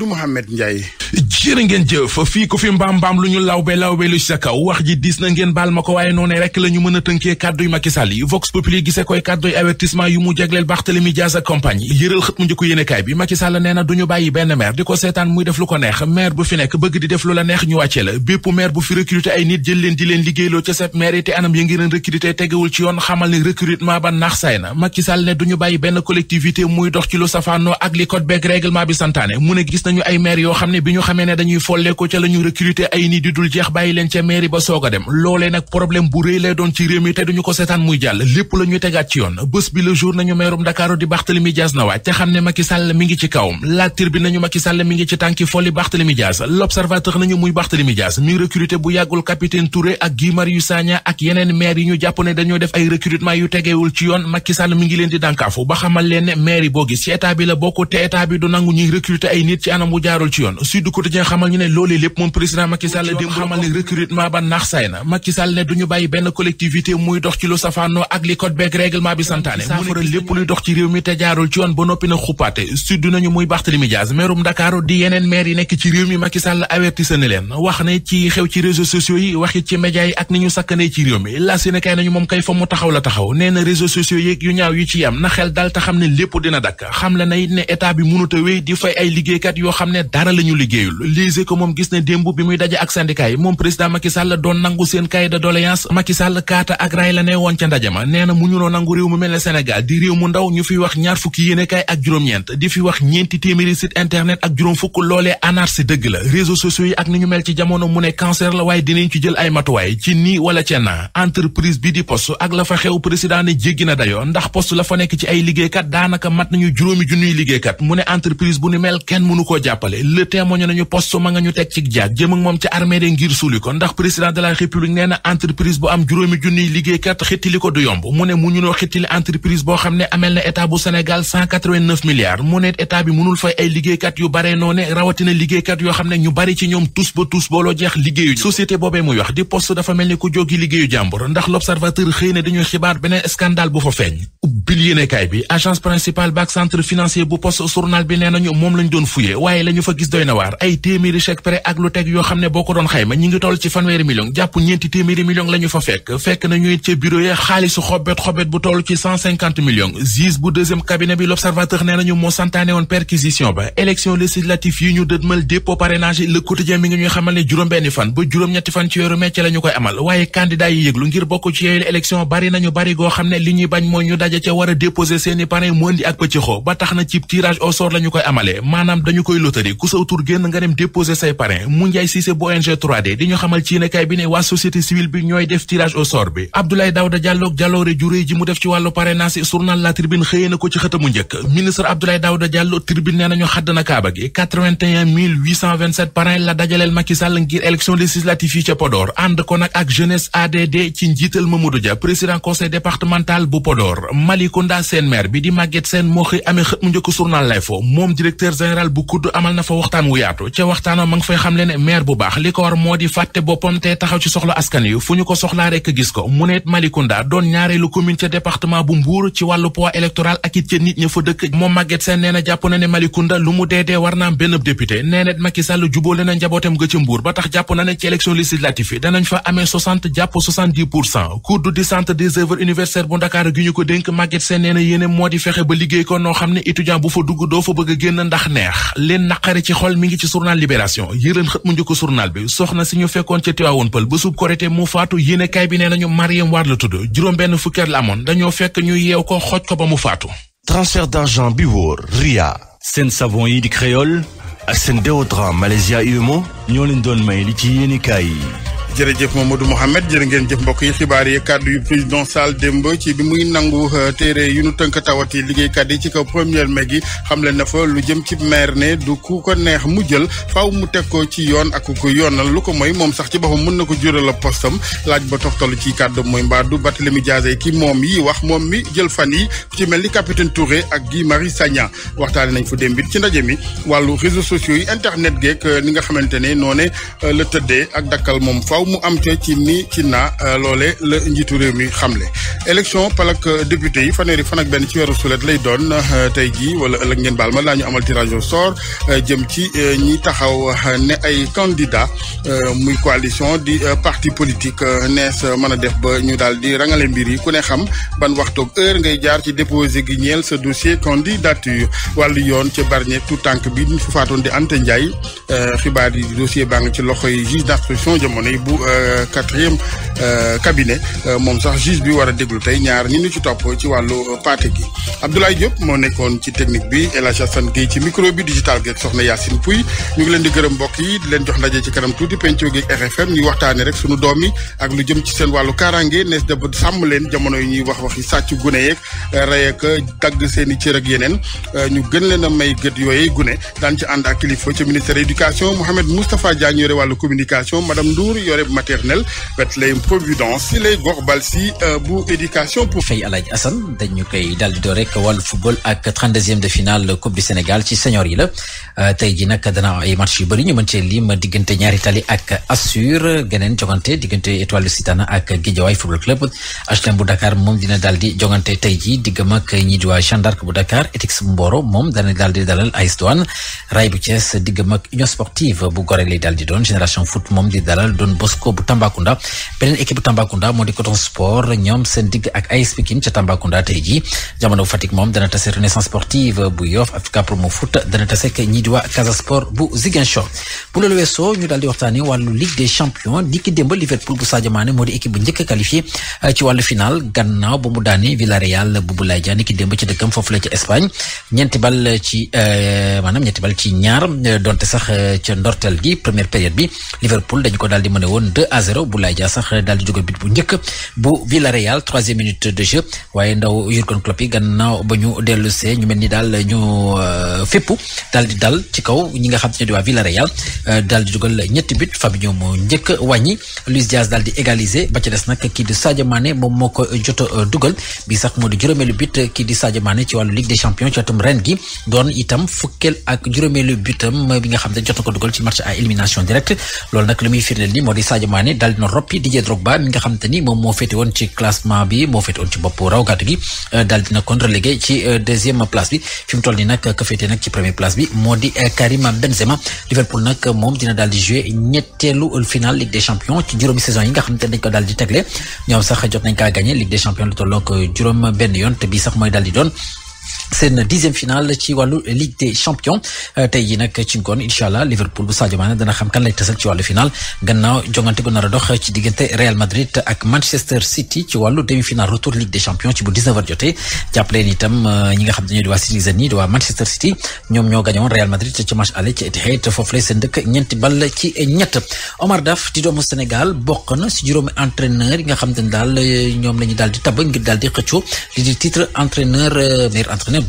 Mamadou Mouhamed Ndiaye jërë ngeen jëf fii ku fi mbaam mbaam lu ñu lawbe lawbe lu ci sa kaw wax ji diis na ngeen baal ma ko waaye noonu rek la ñu tënkee kàdduy Macky yi Vox koy kàdduy avertissement yu mu jagleel Barthélémy Dias ak compagnie yëral xët mu njëkk yéenekaay bi Macky nee na duñu bàyyi benn maire di ko seetaan muy def lu ko neex maire bu fi nekk bëgg di def lu la neex ñu wàcce la bépp maire bu fi recruter ay nit jël leen di leen liggéeyloo nañu ay maire yoo xam ne bi ñu xamee ne dañuy folleeko ca la ñu ay nit di dul jeex bàyyi leen ca mairie ba soog dem loolee nag problème bu rëy lay doon ci réew mi te duñu ko seetaan muy jàll lépp la tegaat ci yoon bés bi le jour nañu mairum Dakaaru di Barthélémy Dias na waaj te xam ne Macky Sall mi ngi ci kawam La Tribune nañu Macky Sall mi ngi ci tànki folli Barthélémy Dias L'Observateur nañu muy Barthélémy Dias mi recruter bu yàggul capitaine anam wu jaarul ci yoon Sud Quotidien xamal ñu ne loolee lépp moom président Macky Sall démb xamal ne recrutement ba nax saay na Macky Sall ne duñu bàyyi benn collectivité muy dox ci lu safaanoo ak li code beeg bi santaane saafara lépp luy dox ci réew mi te jaarul ci yoon ba noppi na xuppaate sud nañu muy Barthélémy Dias meerum Dakar di yeneen maire yi nekk ci réew mi Macky Sall avertise leen wax ne ci xew ci réseaux sociaux yi waxit ci média yi ak a wéy di fay ay liggéeykat yoo xam ne dara la ñu liggéeyul liise ko moom gis ne démb bi muy daje ak syndicat yi moom président Macky Sall doon nangu seen cahier de doléance kaata ak ray la ne woon ca ndaje ma nee na mu ñu noo nangu réew mu mel ne Sénégal di réew mu ndaw ñu fi wax ñaar fukki yéenekaay ak juróom-ñeent di fi wax ñeenti téeméeri site internet ak juróom fukk loolee anarchie dëgg la réseaux sociaux yi ak ni ñu mel ci jamono mu ne cancer la waaye dinañ ci jël koo jàppale le témoigne nañu poste ma nga ñu teg ci jaag jëm moom ci armée de ngir suuli ko ndax président de la république nee na entreprise bu am juróomi junniy liggéeykat xittili ko du yomb mu ne mu ñunoo xittili entreprise boo xam ne amel na état bu Sénégal 189 mu ne état bi mënul fay ay liggéeykat yu bare noo rawatina liggéeykat yoo xam ne ñu bari ci ñoom tous ba tous booloo jeex liggéeyu société boobee muy wax di poste dafa mel waaye la ñu fa gis doy na waar ay téeméeri chèque prêt ak lu teg yoo xam ne boo ko doon xayma ñi ngi toll ci fanweeri million jàpp ñeenti téeméeri million la ñu fa fekk fekk nañu it ca bureau ya xaalisu xobet xobet bu toll ci cent cinquante millions juge bu deuxième cabinet bi l'observateur nee nañu moo santaane woon perquisition ba élection législative yi ñu dëdmal dépôt parrainage le quotidien mi ngi ñuy xamal ne juróom-benni fan ba juróom-ñetti fan ci yoru mecc la koy bari nañu xam ne li ñu daje ca war a déposer seeni parrain mu indi ak tax na ci tirage au ñu koy amale maanaam koy ku saw tur génn nga dem déposer say parrain mu njaay siise bu ONG 3 di ñu xamal ci yéenekaay bi ne waa société civile bi ñooy def tirage au sort bi Abdoulaye Daouda Diallo jaloore ju ji mu def ci wàllu parrainage si journal La Tribune xëyee ko ci xëtamu njëkk ministre Abdoulaye Daouda Diallo Tribune nee nañu xadd na kaaba gi 81 la dajaleel Macky ngir élection législative yi ca Podor ànd ko nag ak jeunesse ADD ci njiital Mamadou Dia président conseil gudd amal na fa waxtaan wu yaatu ca waxtaana ma nga maire bu baax li ko war moo di fàtte boppam te taxaw ci soxla askan yu fu ñu ko soxlaa rekk gis ko mu neet Malicounda doon ñaareelu commune ca département bu Mbour ci wàllu poids électoral ak it ca nit ña fa dëkk moom Maguette Sène nee na jàpp na ne Malicounda lu mu deedee war naam benn député nee na Macky Sall jubóole ga ca Mbour ba tax jàpp na ne ci élection législative yi danañ fa amee 60 ko dénk Maguette Sène nee na yéene moo di ko noo xam ne doo fa bëgg a leen naqari ci xol mi ngi ci journal Libération yëral xët mu njëkk journal bi soxna si ñu fekkoon ca Tivaouane Pël ba sub korité mu faatu yéenekaay bi nee nañu Mariam War la tudd juróom benn fukki at la amoon dañoo fekk ñu yeew ko xooj ko ba mu faatu transfert d'argent bi wóor ria seen savon yi di créole ak seen déodorant Malaysia Umo ñoo leen doon may li ci yéenekaay yi jërëjëf Mamadou Mohamed jërë ngeen jëf mbokk yi xibaar yi kàddu yu président Sall démb ci bi muy nangu euh, téere yu nu tënk tawat liggéey liggéeykat yi ci kaw premier mai gi xamle na fa lu jëm ci maire ne du ku ko neex mu jël faw mu teg ko ci yoon ak ku ko yoonal lu ko mooy moom sax ci boppam mën na ko jural a postam laaj ba toxtalu ci kàddu mooy mbaa du Barthélémy Dias ki moom yi wax moom mi jël fan yi ku ci mel ni capitaine Touré ak Guy Marius Sagna waxtaane nañ fa démb it ci ndaje mi wàllu réseaux sociaux yi internet geek euh, ni nga xamante ne noo euh, la tëddee ak dakkal moom faaw mu am ca ci ni ci na euh, loole la njiitu réew mi xamle élection palak euh, député yi fanweeri fan ak benn ci weeru sulet lay doon euh, tey jii wala ëllëg ngeen baal ma daañu amal tirage au sort jëm ci ñi taxaw ne ay candidat muy coalition di parti politique nees mën a def ba ñu daal di rangale mbir yi ku ne xam ban waxtu ak heure ngay jaar ci déposé gi ñeel sa dossier candidature wàllu yoon ca barñe tout tànk bi ñu faatoon di Anta Ndiaye xibaar yi dossier baa ngi ci loxoy yi bu euh, quatrième euh, cabinet euh, moom sax juge bi war a déglu tey ñaar ñi ñu ci topp ci wàllu pàate gi Abdoulaye Diop moo nekkoon ci technique bi El Hadj Assane Gueye ci micro bi digital geeg soxna Yacine Pouy ñu ngi leen di gërëm mbokk yi leen jox ndaje ci kanam tuuti pencoo geeg RFM ñuy waxtaane rek sunu doom yi ak lu jëm ci seen wàllu kaaraange nees da sàmm leen jamono yi ñuy wax waxi sàcc gune yeeg rey ak dagg seen i cër yeneen ñu gën leen a may gët yooyee gune daan ci daareb maternel Bethléem Providence si lay gox bal si euh, bu éducation pour fay Alaaji Assane dañu koy daal di door rek wàllu football ak trente-deuxième de finale coupe du Sénégal ci senior yi la euh, tey ji nag dana ay match yu bëri ñu mën cee diggante ñaari tali ak assure geneen jogante diggante étoile Lusitana ak Guédiawaye football club HLM bu Dakar moom dina daal di jogante tey ji diggam ak ñi di waa Jeanne d'Arc bu Dakar ETICS bu moom dana daal dalal AS Douanes Mosco bu Tambacounda beneen équipe bu Tambacounda moo di Coton Sport ñoom seen digg ak tey jii jamono Fatick moom dana tase Renaissance sportive bu Yoff Africa Promo Foot dana tase ak ñii di Sport bu Ziguinchor bu loolu weesoo ñu daal di waxtaanee wàllu Ligue des champions di Liverpool bu Sadio Mané moo équipe bu njëkk a qualifié euh, ci wàllu final gannaaw ba mu daanee Villarreal bu Boulaye Dia ni ki démb ci dëkkam foofu ci Espagne ñeenti euh, euh, a woon 2 à 0 Boulaye Dia sax daal di dugal but bu njëkk bu Villarreal troisième minute de jeu waaye ndaw Jurgen Klopp yi gannaaw ba ñu dellu see ñu mel ni daal ñu euh, fépp daal di dal ci kaw ñi nga xam te ne di waa Villarreal euh, daal di dugal ñetti but Fabinho moo njëkk wàññi Luis Diaz daal di égaliser ba ci des nag kii di Sadio Mané moom moo ko jot euh, dugal bi sax moo di juróomeelu but kii di Sadio Mané ci wàllu Ligue des Champions ci atum ren gi doon itam fukkeel ak juróomeelu butam bi nga xam te jot na ko dugal ci match à élimination Sadio Mané daal dina roppi Didier Drogba mi nga xam te ni moom moo féete woon ci classement bi moo féete woon ci bopp raw gàtt gi euh, daal dina kon relégué ci euh, deuxième place bi fi mu toll nii nag ka moo di euh, Karim Benzema Liverpool nag moom dina daal di jouer ñetteelu finale Ligue des champions ci juróomi saison yi nga xam te dañ ko daal di tegle ñoom sax jot nañ kaa gagné Ligue des champions lu tollook juróom benn yoon te bii sax mooy daal di doon seen dixième finale ci wàllu Ligue des champions euh, tey jii nag ci ngoon incha Liverpool bu Sadio Mané dana xam kan lay tasal ci wàllu final gannaaw jongante gu nar a dox ci diggante Real Madrid ak Manchester City ci wàllu demi final retour Ligue des champions ci bu 19h jotee jàppaleen itam euh, ñi nga xam dañoo di waa Citizen yi di waa Manchester City ñoom ñoo gañoon Real Madrid ci match aller ci Etihad foofu seen dëkk ñeenti bal ci ñett Omar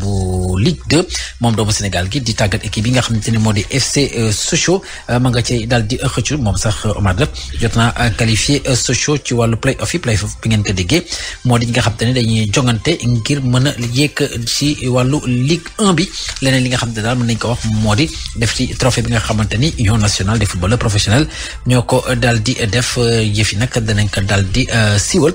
bu Ligue 2 moom doomu Sénégal gi di tàggat équipe yi nga xamante ne moo di FC euh, Sochaux euh, ma nga cay daal di xëccu moom sax euh, Omar Daf jot na qualifié Sochaux ci wàllu play off yi play bi ngeen ko déggee moo di ñi nga xamante ne dañuy jongante ngir mën a yéeg ci wàllu Ligue 1 bi leneen li nga xam ne daal mën nañ ko wax moo di def ci trophée bi nga xamante ni union nationale des footballeurs professionnels ñoo ko daal di def yëf yi nag danañ ko daal di siwal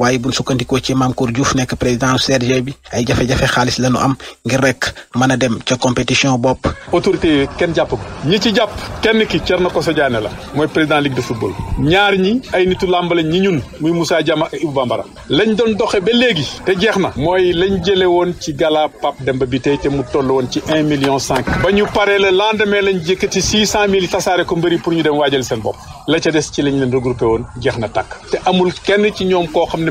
waaye buñ sukkandikoo ci Mame Kour Diouf nekk président CRG bi ay jafe-jafe xaalis la ñu am ngir rek mën a dem ca compétition bopp. autorité yi kenn jàpp ko ñi ci jàpp kenn ki na Koso Diané la mooy président ligue de football ñaar ñi ay nitu làmb ñi ñun muy Moussa Diama ak Ibou lañ doon doxee ba léegi te jeex na mooy lañ jëlee woon ci gala Pape Demba bi tey te mu toll woon ci un million cinq ba ñu paree le lendemain lañ jëkkati six cent mille tasaare ko mbëri pour ñu dem waajal seen bopp la lañ leen regroupé woon jeex na tàkk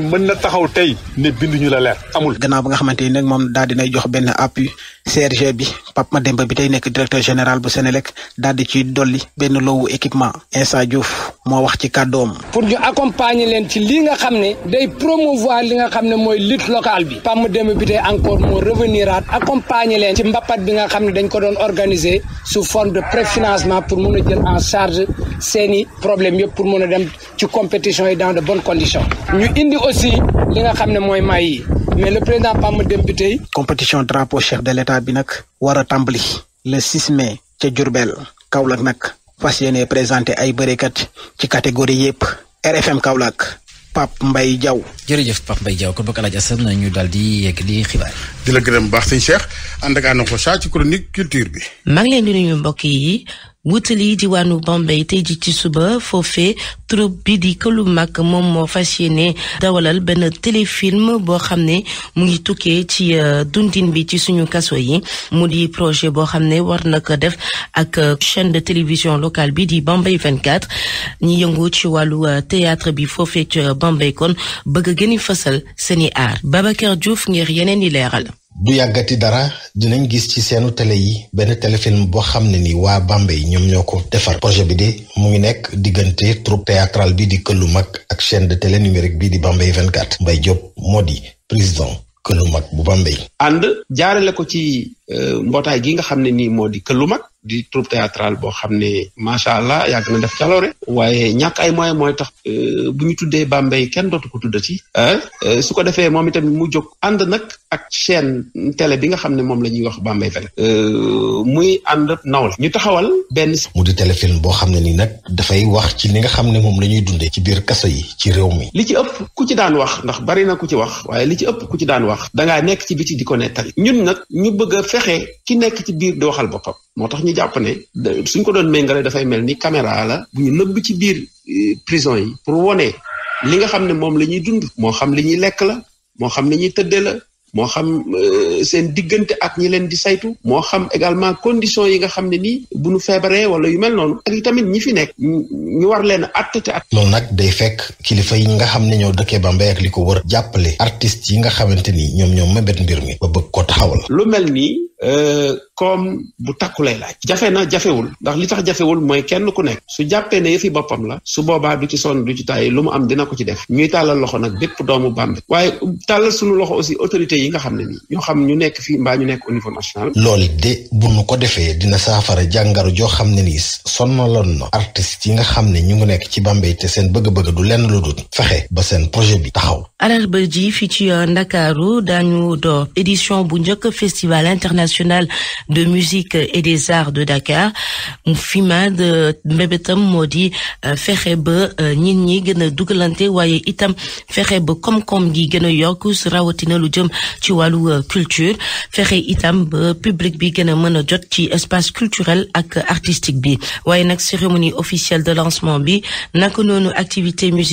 ne mën na taxaw tey ne binduñu la leer amul. gannaaw ba nga xamante ni nag moom daal dinay jox benn appui CRG bi Pape Mademba bi tey nekk directeur général bu Sénélec daal di ci dolli benn loowu équipement Insa Diouf moo wax ci kàddoom pour ñu accompagner leen ci li nga xam ne day promouvoir li nga xam ne mooy lutte locale bi Pape Mademba bi tey encore moo reveniraat accompagner leen ci mbappat bi nga xam ne dañ ko doon organiser sous forme de préfinancement pour mun a jël en charge seeni problème yëpp pour mun a dem ci compétition yi dans de bonnes conditions ñu indi mais le président Pam Demba tey. compétition drapeau chef de l' état bi nag war a tàmbali le 6 mai ca Diourbel Kaolack nag fas yéene présenté ay bëreekat ci catégorie yëpp RFM Kaolack. Pape mbay Diaw. jërëjëf Pape Mbaye Diaw kon bokk Alaaji Assane ñu daal di yegg di xibaar. di la gërëm baax sëñ Cheikh ànd ak ànd ko ci chronique culture bi. maa leen di nuyu mbokk yi wutali diwaanu Bambey tey ji ci suba foofee troupe bi di këlu mag moom moo fas yéene dawalal benn téléfilm boo xam ne mu ngi tukkee ci euh, dundin bi ci suñu kaso yi mu di projet boo xam ne war na ko def ak euh, chaine de télévision locale bi di Bambey 24 ñi yëngu ci wàllu euh, théâtre bi foofee ci Bambey kon bëgg gën a fësal seeni aar Babacar Diouf ngir yeneen di leeral du yàggati dara dinañ gis ci seenu télé yi benn téléphone boo xam ne nii waa Bambey ñoom ñoo ko defar projet bi de mu ngi nekk diggante troupe théâtrale bi di këlu Mag ak chaîne de télé numérique bi di Bambey 24 mbay Diop moo di président Këllu Mag bu Bambey. ànd jaarale ko ci euh, mbootaay gi nga xam ne nii moo di Këllu Mag di troupe théâtrale boo xam ne macha allah yàgg na def caloore waaye ñàkk ay moyens mooy tax euh, bu ñu tuddee Bambey kenn dootu ko tuddati ah, euh, su ko defee moom itam mu jóg ànd nag ak chaîne télé bi nga xam ne moom la ñuy wax Bambey fene euh, muy ànd nawle ñu taxawal benn mu di téléfilm boo xam ne nii nag dafay wax ci li nga xam ne moom la ñuy dundee ci biir kaso yi ci réew mi li ci ëpp ku ci daan wax ndax bari na ku ci wax waaye li ci ëpp ku ci daan wax dangaa nekk ci biti di ko nettali ñun nag ñu bëgg fexe ki nekk ci biir di waxal boppam ñu jàpp ne suñ ko doon méngale dafay mel ni caméra la bu ñu nëbb ci biir euh, prison yi pour wone li nga xam ne moom la ñuy dund moo xam li ñuy lekk la moo xam li ñuy tëddee la moo xam euh, seen diggante ak ñi leen di saytu moo xam également condition yi nga xam ne nii bu nu feebaree wala yu mel noonu ak tamit ñi fi nekk ñu war leen att te at loolu nag day fekk kilifa yi nga xam ne ñoo dëkkee Bambey ak li ko wër jàppale artistes yi nga xamante ni ñoom ñoom mébét mbir mi ba bëgg ko taxawal lu comme euh, bu takku lay laaj. jafe na jafewul ndax li tax jafewul mooy kenn ku nekk su jàppee ne yëfi boppam la su boobaa du ci sonn du ci tàyyi lu mu am dina ko ci def ñuy tàllal loxo nag bépp doomu Bambey waaye tàllal suñu loxo aussi autorités yi nga xam ne nii ñoo xam ñu nekk fii mbaa ñu nekk au niveau national. loolu de bu nu ko defee dina saafara jàngaro joo xam ne nii sonnaloon na artistes yi nga xam ne ñu ngi nekk ci Bambey te seen bëgg-bëgg du lenn lu dul fexe ba seen projet bi taxaw. alarba ji fii ci euh, Ndakaaru daañu door édition bu njëkk festival international nationale de musique et des arts de Dakar fi ma mbébétam moo di euh, fexe ba nit euh, ñi gën a dugalante waaye itam fexe ba koom-koom gi gën a yokk su rawatina lu jëm ci wàllu euh, culture fexe itam ba public bi gën a mën a jot ci espace culturel ak artistique bi waaye nag cérémonie officielle de lancement bi naka noonu activité musique